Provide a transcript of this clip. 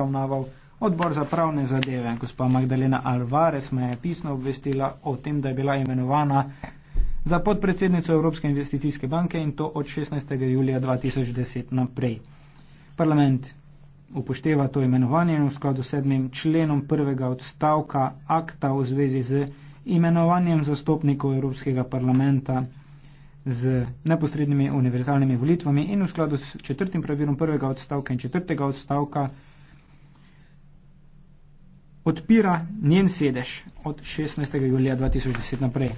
obravnaval odbor za pravne zadeve. Gospa Magdalena Alvarez me je pisno obvestila o tem, da je bila imenovana za podpredsednico Evropske investicijske banke in to od 16. julija 2010 naprej. Parlament upošteva to imenovanje in v skladu s sedmim členom prvega odstavka akta v zvezi z imenovanjem zastopnikov Evropskega parlamenta z neposrednimi univerzalnimi volitvami in v skladu s četrtim pravilom prvega odstavka in četrtega odstavka odpira njen sedež od 16. julija 2010 naprej.